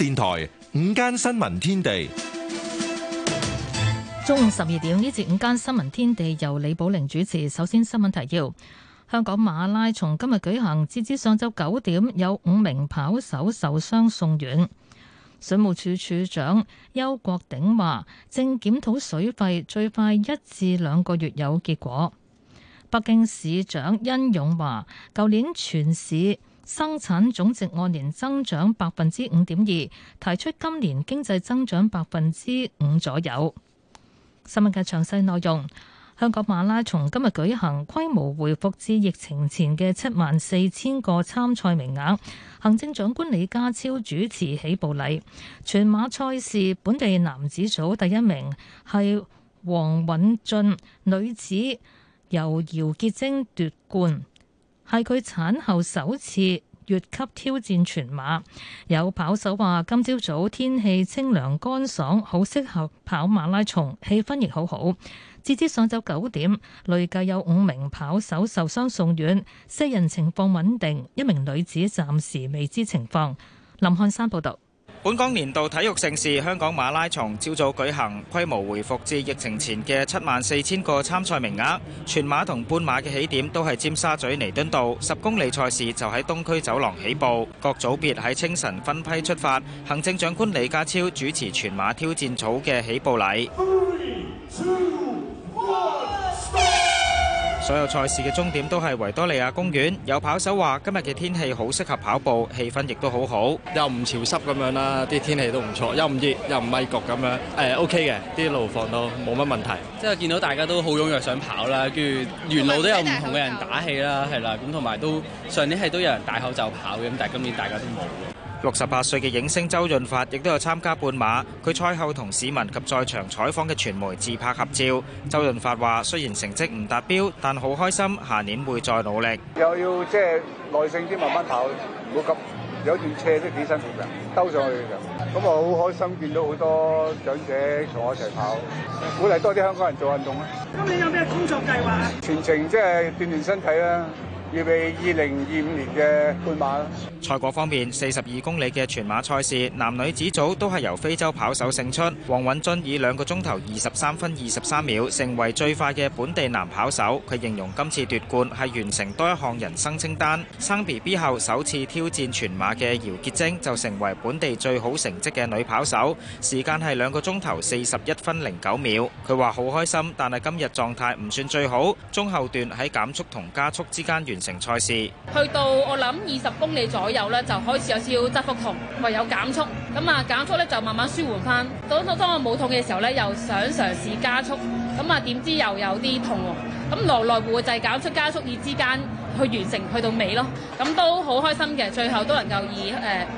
電台午間新聞天地，中午十二點，呢節午間新聞天地由李寶玲主持。首先新聞提要：香港馬拉松今日舉行，截至上晝九點，有五名跑手受傷送院。水務署署長邱國鼎話，正檢討水費，最快一至兩個月有結果。北京市長殷勇話，舊年全市。生產總值按年增長百分之五點二，提出今年經濟增長百分之五左右。新聞嘅詳細內容，香港馬拉松今日舉行，規模回復至疫情前嘅七萬四千個參賽名額。行政長官李家超主持起步禮，全馬賽事本地男子組第一名係黃允俊，女子由姚潔貞奪冠。係佢產後首次越級挑戰全馬，有跑手話：今朝早天氣清涼乾爽，好適合跑馬拉松，氣氛亦好好。截至上晝九點，累計有五名跑手受傷送院，四人情況穩定，一名女子暫時未知情況。林漢山報道。本港年度體育盛事香港馬拉松朝早舉行，規模回復至疫情前嘅七萬四千個參賽名額，全馬同半馬嘅起點都係尖沙咀彌敦道，十公里賽事就喺東區走廊起步。各組別喺清晨分批出發，行政長官李家超主持全馬挑戰組嘅起步禮。2> 3, 2, 1, 所有賽事嘅終點都係維多利亞公園。有跑手話：今日嘅天氣好適合跑步，氣氛亦都好好，又唔潮濕咁樣啦，啲天氣都唔錯，又唔熱又唔咪焗咁樣。誒，OK 嘅，啲路況都冇乜問題。即係見到大家都好踴躍想跑啦，跟住沿路都有唔同嘅人打氣啦，係啦，咁同埋都上年係都有人戴口罩跑嘅，咁但係今年大家都冇。六十八歲嘅影星周潤發亦都有參加半馬，佢賽後同市民及在場採訪嘅傳媒自拍合照。周潤發話：雖然成績唔達標，但好開心，下年會再努力。又要即係耐性啲，慢慢跑，唔好急。有段斜都幾辛苦嘅，兜上去嘅。咁啊，好開心見到好多長者同我一齊跑，鼓勵多啲香港人做運動啊！今年有咩工作計劃啊？全程即係鍛鍊身體啦。預備，二零二五年嘅半馬。賽果方面，四十二公里嘅全馬賽事，男女子組都係由非洲跑手勝出。黃允俊以兩個鐘頭二十三分二十三秒，成為最快嘅本地男跑手。佢形容今次奪冠係完成多一項人生清單。生 B B 後首次挑戰全馬嘅姚潔晶就成為本地最好成績嘅女跑手，時間係兩個鐘頭四十一分零九秒。佢話好開心，但係今日狀態唔算最好，中後段喺減速同加速之間完成賽事，去到我諗二十公里左右咧，就開始有少少側腹痛，唯有減速。咁啊，減速咧就慢慢舒緩翻。當當我冇痛嘅時候咧，又想嘗試加速。咁啊，點知又有啲痛喎。咁來來回回就係減速加速以之間去完成，去到尾咯。咁都好開心嘅，最後都能夠以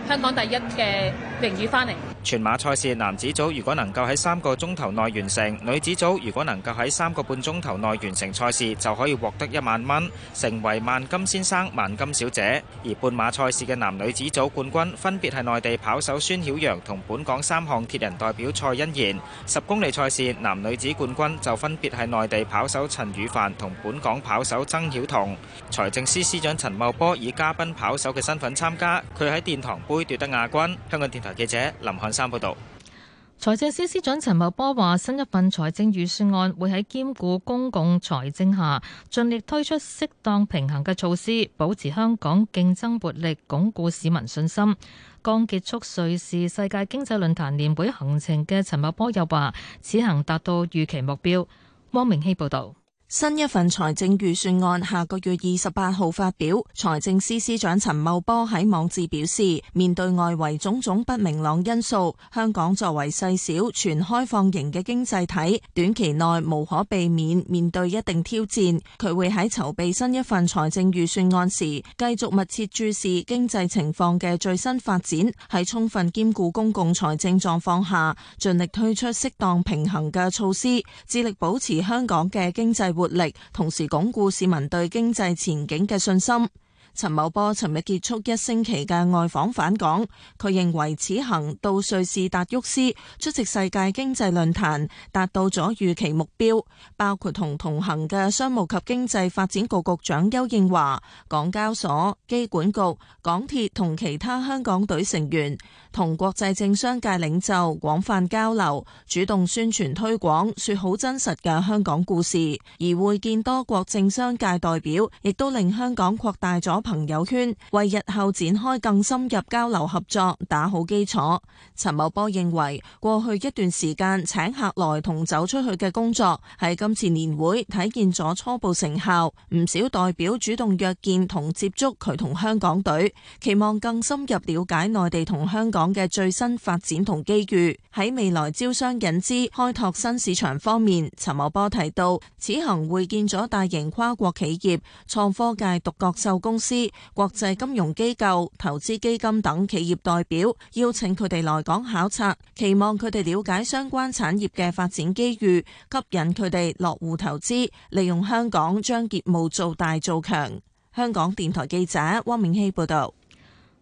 誒香港第一嘅榮譽翻嚟。全馬賽事男子組如果能夠喺三個鐘頭內完成，女子組如果能夠喺三個半鐘頭內完成賽事，就可以獲得一萬蚊，成為萬金先生、萬金小姐。而半馬賽事嘅男、女子組冠軍分別係內地跑手孫曉陽同本港三項鐵人代表蔡欣然。十公里賽事男、女子冠軍就分別係內地跑手陳宇凡同本港跑手曾曉彤。財政司司長陳茂波以嘉賓跑手嘅身份參加，佢喺殿堂杯奪得亞軍。香港電台記者林瀚。三財政司司長陳茂波話，新一份財政預算案會喺兼顧公共財政下，盡力推出適當平衡嘅措施，保持香港競爭活力，鞏固市民信心。剛結束瑞士世界經濟論壇年會行程嘅陳茂波又話，此行達到預期目標。汪明希報道。新一份財政預算案下個月二十八號發表，財政司司長陳茂波喺網誌表示，面對外圍種種不明朗因素，香港作為細小全開放型嘅經濟體，短期內無可避免面對一定挑戰。佢會喺籌備新一份財政預算案時，繼續密切注視經濟情況嘅最新發展，喺充分兼顧公共財政狀況下，盡力推出適當平衡嘅措施，致力保持香港嘅經濟活力，同時鞏固市民對經濟前景嘅信心。陳茂波尋日結束一星期嘅外訪返港，佢認為此行到瑞士達沃斯出席世界經濟論壇，達到咗預期目標，包括同同行嘅商務及經濟發展局局長丘應樺、港交所、機管局、港鐵同其他香港隊成員同國際政商界領袖廣泛交流，主動宣傳推廣說好真實嘅香港故事，而會見多國政商界代表，亦都令香港擴大咗。朋友圈為日後展開更深入交流合作打好基礎。陳茂波認為，過去一段時間請客來同走出去嘅工作，喺今次年會體現咗初步成效。唔少代表主動約見同接觸佢同香港隊，期望更深入了解內地同香港嘅最新發展同機遇。喺未來招商引資開拓新市場方面，陳茂波提到，此行會見咗大型跨國企業、創科界獨角獸公司。國際金融機構、投資基金等企業代表邀請佢哋來港考察，期望佢哋了解相關產業嘅發展機遇，吸引佢哋落戶投資，利用香港將業務做大、做強。香港電台記者汪明熙報道。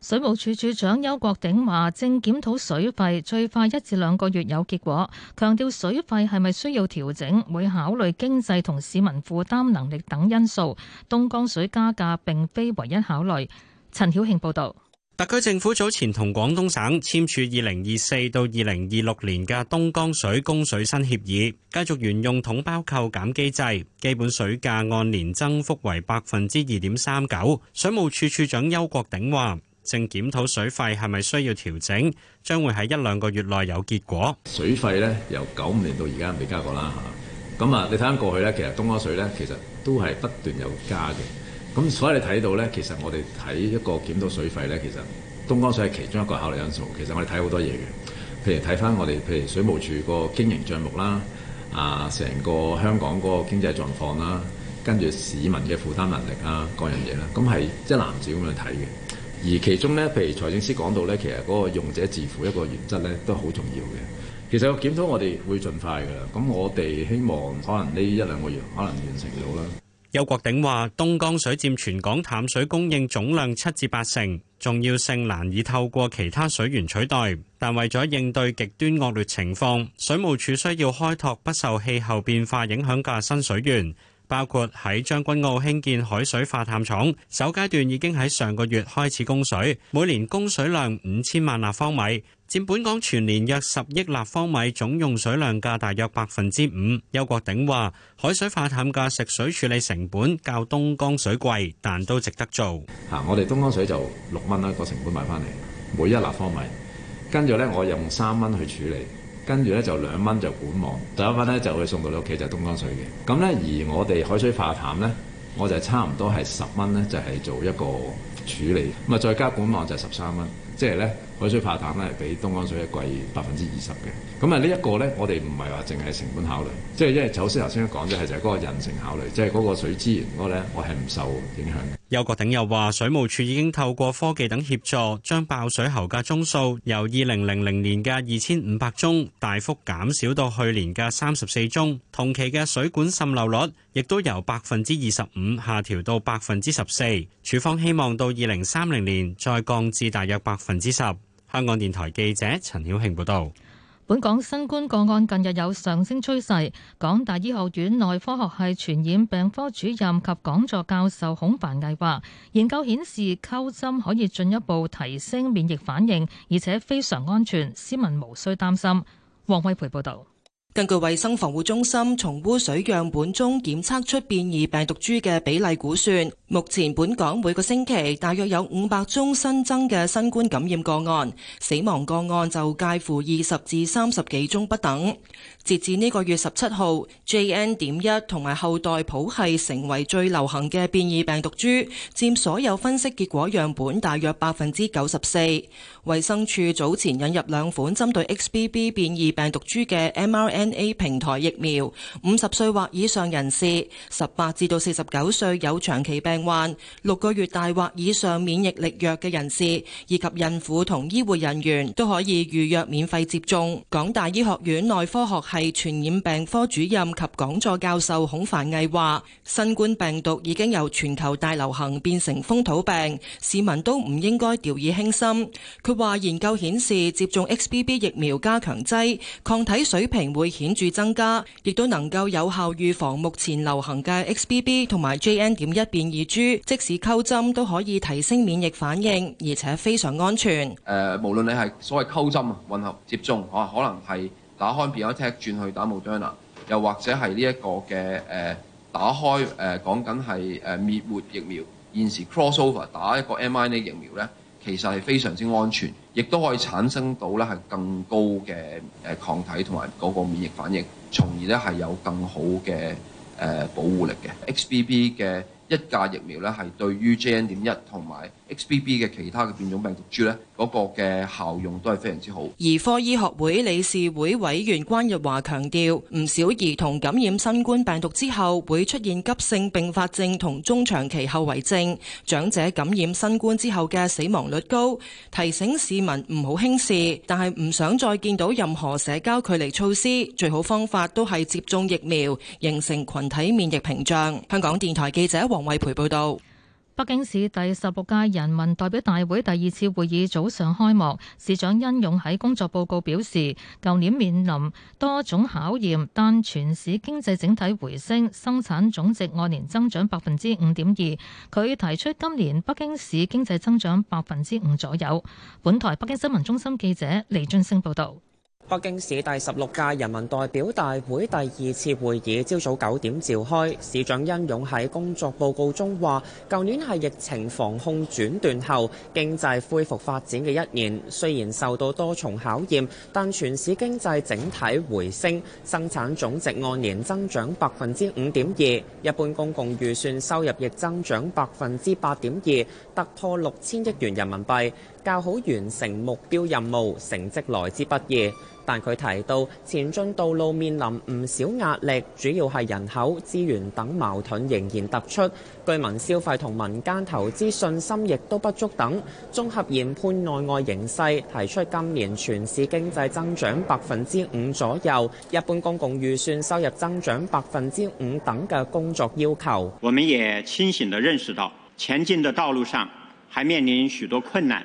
水務署署長邱國鼎話：正檢討水費，最快一至兩個月有結果。強調水費係咪需要調整，會考慮經濟同市民負擔能力等因素。東江水加價並非唯一考慮。陳曉慶報道：特區政府早前同廣東省簽署二零二四到二零二六年嘅東江水供水新協議，繼續沿用統包扣減機制，基本水價按年增幅為百分之二點三九。水務署署長邱國鼎話。正檢討水費係咪需要調整，將會喺一兩個月內有結果。水費呢，由九五年到而家未加過啦。咁啊，你睇返過去呢，其實東江水呢，其實都係不斷有加嘅。咁所以你睇到呢，其實我哋睇一個檢討水費呢，其實東江水係其中一個考慮因素。其實我哋睇好多嘢嘅，譬如睇返我哋，譬如水務署個經營帳目啦，啊，成個香港嗰個經濟狀況啦，跟住市民嘅負擔能力啊，各樣嘢啦，咁係一攬子咁樣睇嘅。而其中呢，譬如財政司講到呢，其實嗰個用者自負一個原則呢，都好重要嘅。其實個檢討我哋會盡快㗎啦。咁我哋希望可能呢一兩個月可能完成到啦。邱國鼎話：東江水佔全港淡水供應總量七至八成，重要性難以透過其他水源取代。但為咗應對極端惡劣情況，水務署需要開拓不受氣候變化影響嘅新水源。包括喺將軍澳興建海水化淡廠，首階段已經喺上個月開始供水，每年供水量五千萬立方米，佔本港全年約十億立方米總用水量嘅大約百分之五。邱國鼎話，海水化淡嘅食水處理成本較東江水貴，但都值得做。吓、啊，我哋東江水就六蚊啦，個成本買翻嚟，每一立方米，跟住咧，我用三蚊去處理。跟住呢就兩蚊就管網。第一蚊呢就會送到你屋企就東、是、江水嘅。咁呢，而我哋海水化淡呢，我就差唔多係十蚊呢，就係、是、做一個處理，咁啊再加管網就，就係十三蚊。即係呢，海水化淡呢，係比東江水貴百分之二十嘅。咁啊呢一個呢，我哋唔係話淨係成本考慮，即、就、係、是、因為就好似頭先講啫，係就係嗰個人性考慮，即係嗰個水資源嗰呢，我係唔受影響邱國鼎又話：水務署已經透過科技等協助，將爆水喉嘅宗數由二零零零年嘅二千五百宗大幅減少到去年嘅三十四宗，同期嘅水管滲漏率亦都由百分之二十五下調到百分之十四，處方希望到二零三零年再降至大約百分之十。香港電台記者陳曉慶報道。本港新冠個案近日有上升趨勢，港大醫學院內科學系傳染病科主任及講座教授孔繁毅話，研究顯示溝針可以進一步提升免疫反應，而且非常安全，市民無需擔心。黃惠培報道。根據衛生防護中心從污水樣本中檢測出變異病毒株嘅比例估算，目前本港每個星期大約有五百宗新增嘅新冠感染個案，死亡個案就介乎二十至三十幾宗不等。截至呢個月十七號，JN.1 同埋後代譜系成為最流行嘅變異病毒株，佔所有分析結果樣本大約百分之九十四。衛生署早前引入兩款針對 XBB 變異病毒株嘅 mRNA。N.A. 平台疫苗，五十歲或以上人士、十八至到四十九歲有長期病患、六個月大或以上免疫力弱嘅人士，以及孕婦同醫護人員都可以預約免費接種。港大醫學院內科學系傳染病科主任及講座教授孔繁毅話，新冠病毒已經由全球大流行變成風土病，市民都唔應該掉以輕心。佢話研究顯示，接種 X.B.B. 疫苗加強劑，抗體水平會。顯著增加，亦都能夠有效預防目前流行嘅 XBB 同埋 JN. 點一變異株，即使溝針都可以提升免疫反應，而且非常安全。誒，無論你係所謂溝針啊，混合接種啊，可能係打復必泰，轉去打莫德納，又或者係呢一個嘅誒，打開誒講緊係誒滅活疫苗，現時 crossover 打一個 mRNA 疫苗咧。其實係非常之安全，亦都可以產生到咧係更高嘅抗體同埋嗰個免疫反應，從而咧係有更好嘅誒保護力嘅 XBB 嘅一價疫苗咧係對於 JN. 點一同埋 XBB 嘅其他嘅變種病毒株咧嗰個嘅效用都係非常之好。兒科醫學會理事會委員關日華強調，唔少兒童感染新冠病毒之後會出現急性併發症同中長期後遺症，長者感染新冠之後嘅死亡率高，提醒市民唔好輕視，但係唔想再見到任何社交距離措施，最好方法都係接種疫苗，形成群體免疫屏障。香港電台記者王。王偉培報道：北京市第十六屆人民代表大會第二次會議早上開幕，市長殷勇喺工作報告表示，舊年面臨多種考驗，但全市經濟整體回升，生產總值按年增長百分之五點二。佢提出今年北京市經濟增長百分之五左右。本台北京新聞中心記者李俊升報道。北京市第十六屆人民代表大會第二次會議朝早九點召開，市長殷勇喺工作報告中話，舊年係疫情防控轉段後經濟恢復發展嘅一年，雖然受到多重考驗，但全市經濟整體回升，生產總值按年增長百分之五點二，一般公共預算收入亦增長百分之八點二，突破六千億元人民幣。較好完成目標任務，成績來之不易。但佢提到前進道路面臨唔少壓力，主要係人口、資源等矛盾仍然突出，居民消費同民間投資信心亦都不足等。綜合研判內外形勢，提出今年全市經濟增長百分之五左右，一般公共預算收入增長百分之五等嘅工作要求。我們也清醒地認識到，前進的道路上還面臨許多困難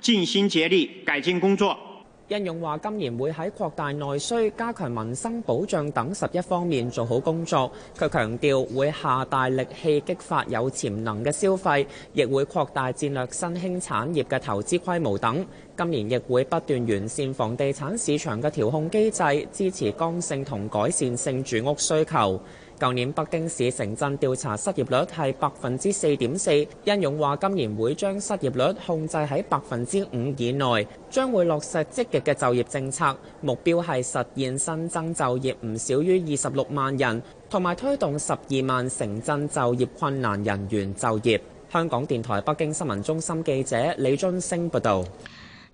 盡心竭力，改進工作。殷勇話：今年會喺擴大內需、加強民生保障等十一方面做好工作。佢強調會下大力氣激發有潛能嘅消費，亦會擴大戰略新興產業嘅投資規模等。今年亦會不斷完善房地產市場嘅調控機制，支持剛性同改善性住屋需求。舊年北京市城鎮調查失業率係百分之四點四，殷勇話今年會將失業率控制喺百分之五以內，將會落實積極嘅就業政策，目標係實現新增就業唔少於二十六萬人，同埋推動十二萬城鎮就業困難人員就業。香港電台北京新聞中心記者李津星報道。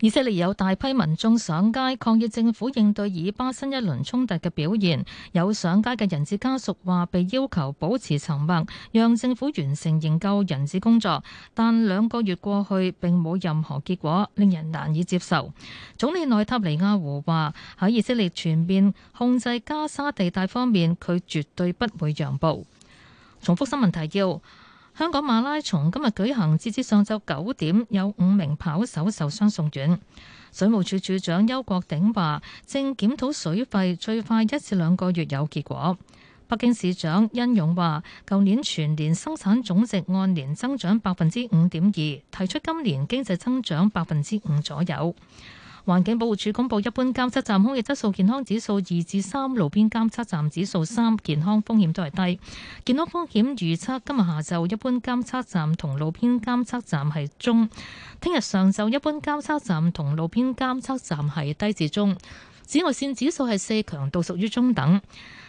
以色列有大批民眾上街抗議政府應對以巴新一輪衝突嘅表現。有上街嘅人質家屬話被要求保持沉默，讓政府完成營救人質工作。但兩個月過去並冇任何結果，令人難以接受。總理內塔尼亞胡話，喺以色列全面控制加沙地帶方面，佢絕對不會讓步。重複新聞提要。香港馬拉松今日舉行，截至上晝九點，有五名跑手受傷送院。水務署署長邱國鼎話：正檢討水費，最快一至兩個月有結果。北京市長殷勇話：舊年全年生產總值按年增長百分之五點二，提出今年經濟增長百分之五左右。環境保護署公布一般監測站空氣質素健康指數二至三，路邊監測站指數三，健康風險都係低。健康風險預測今日下晝一般監測站同路邊監測站係中，聽日上晝一般監測站同路邊監測站係低至中。紫外線指數係四，強度屬於中等。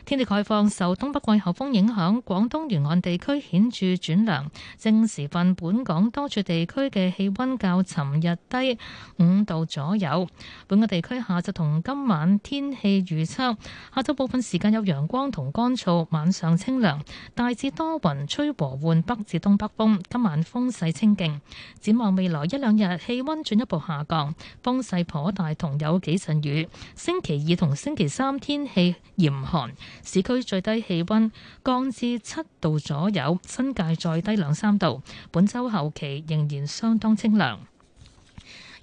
天氣概況，受東北季候風影響，廣東沿岸地區顯著轉涼。正時分，本港多處地區嘅氣温較尋日低五度左右。本港地區下晝同今晚天氣預測，下晝部分時間有陽光同乾燥，晚上清涼，大致多雲，吹和緩北至東北風。今晚風勢清勁。展望未來一兩日，氣温進一步下降，風勢頗大，同有幾陣雨。星期二同星期三天氣嚴寒。市區最低氣溫降至七度左右，新界再低兩三度。本周後期仍然相當清涼。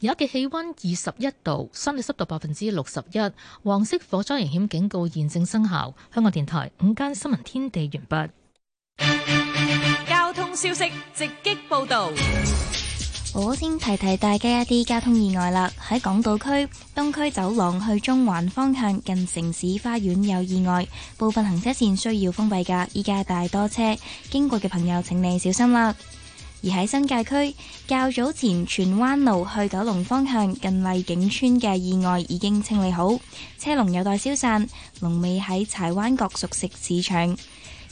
而家嘅氣溫二十一度，相對濕度百分之六十一，黃色火災危險警告現正生效。香港電台午間新聞天地完畢。交通消息直擊報道。我先提提大家一啲交通意外啦，喺港島區東區走廊去中環方向近城市花園有意外，部分行車線需要封閉噶，依家大多車經過嘅朋友，請你小心啦。而喺新界區，較早前荃灣路去九龍方向近麗景村嘅意外已經清理好，車龍有待消散，龍尾喺柴灣角熟食市場。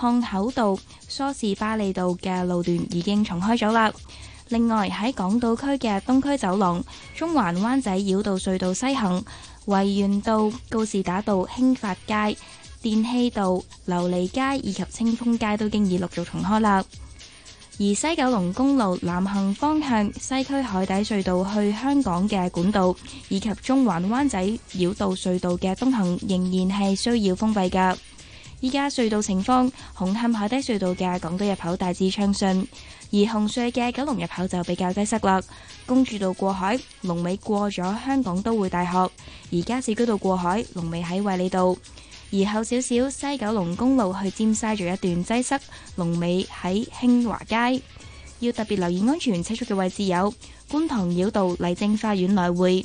漢口道、梳士巴利道嘅路段已經重開咗啦。另外喺港島區嘅東區走廊、中環灣仔繞道隧道西行、維園道、告士打道、興發街、電氣道、琉璃街以及清風街都經已陸續重開啦。而西九龍公路南行方向、西區海底隧道去香港嘅管道以及中環灣仔繞道隧道嘅東行仍然係需要封閉噶。依家隧道情況，紅磡海底隧道嘅港島入口大致暢順，而紅隧嘅九龍入口就比較擠塞啦。公主道過海，龍尾過咗香港都會大學，而加士居道過海，龍尾喺衛理道。而後少少，西九龍公路去尖沙咀一段擠塞，塞，龍尾喺興華街。要特別留意安全車速嘅位置有觀塘繞道麗晶花園來回。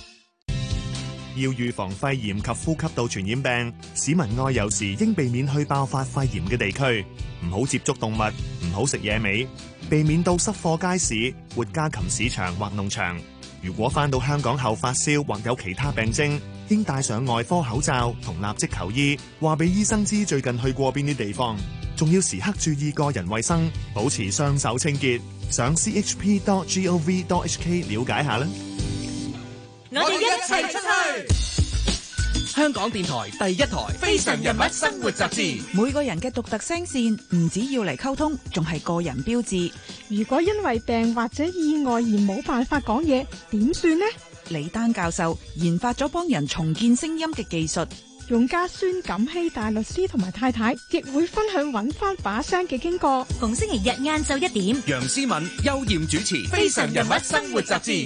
要預防肺炎及呼吸道傳染病，市民外遊時應避免去爆發肺炎嘅地區，唔好接觸動物，唔好食野味，避免到濕貨街市、活家禽市場或農場。如果翻到香港後發燒或有其他病徵，應戴上外科口罩同立即求醫，話俾醫生知最近去過邊啲地方。仲要時刻注意個人衛生，保持雙手清潔。上 chp.gov.hk 了解下啦。我哋一齊。香港電台第一台《非常人物生活雜誌》，每個人嘅獨特聲線唔止要嚟溝通，仲係個人標誌。如果因為病或者意外而冇辦法講嘢，點算呢？李丹教授研發咗幫人重建聲音嘅技術。用家孫錦希大律師同埋太太亦會分享揾翻把聲嘅經過。逢星期日晏晝一點，楊思敏、休艷主持《非常人物生活雜誌》。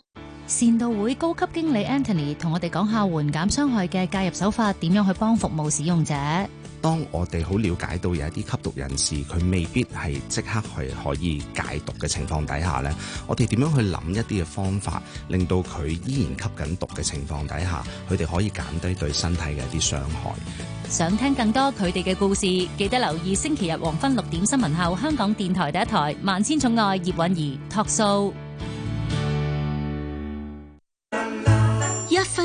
善道會高級經理 Anthony 同我哋講下緩減傷害嘅介入手法點樣去幫服務使用者。當我哋好了解到有一啲吸毒人士，佢未必係即刻係可以解毒嘅情況底下呢，我哋點樣去諗一啲嘅方法，令到佢依然吸緊毒嘅情況底下，佢哋可以減低對身體嘅一啲傷害。想聽更多佢哋嘅故事，記得留意星期日黃昏六點新聞後，香港電台第一台《萬千寵愛葉蘊儀》托數。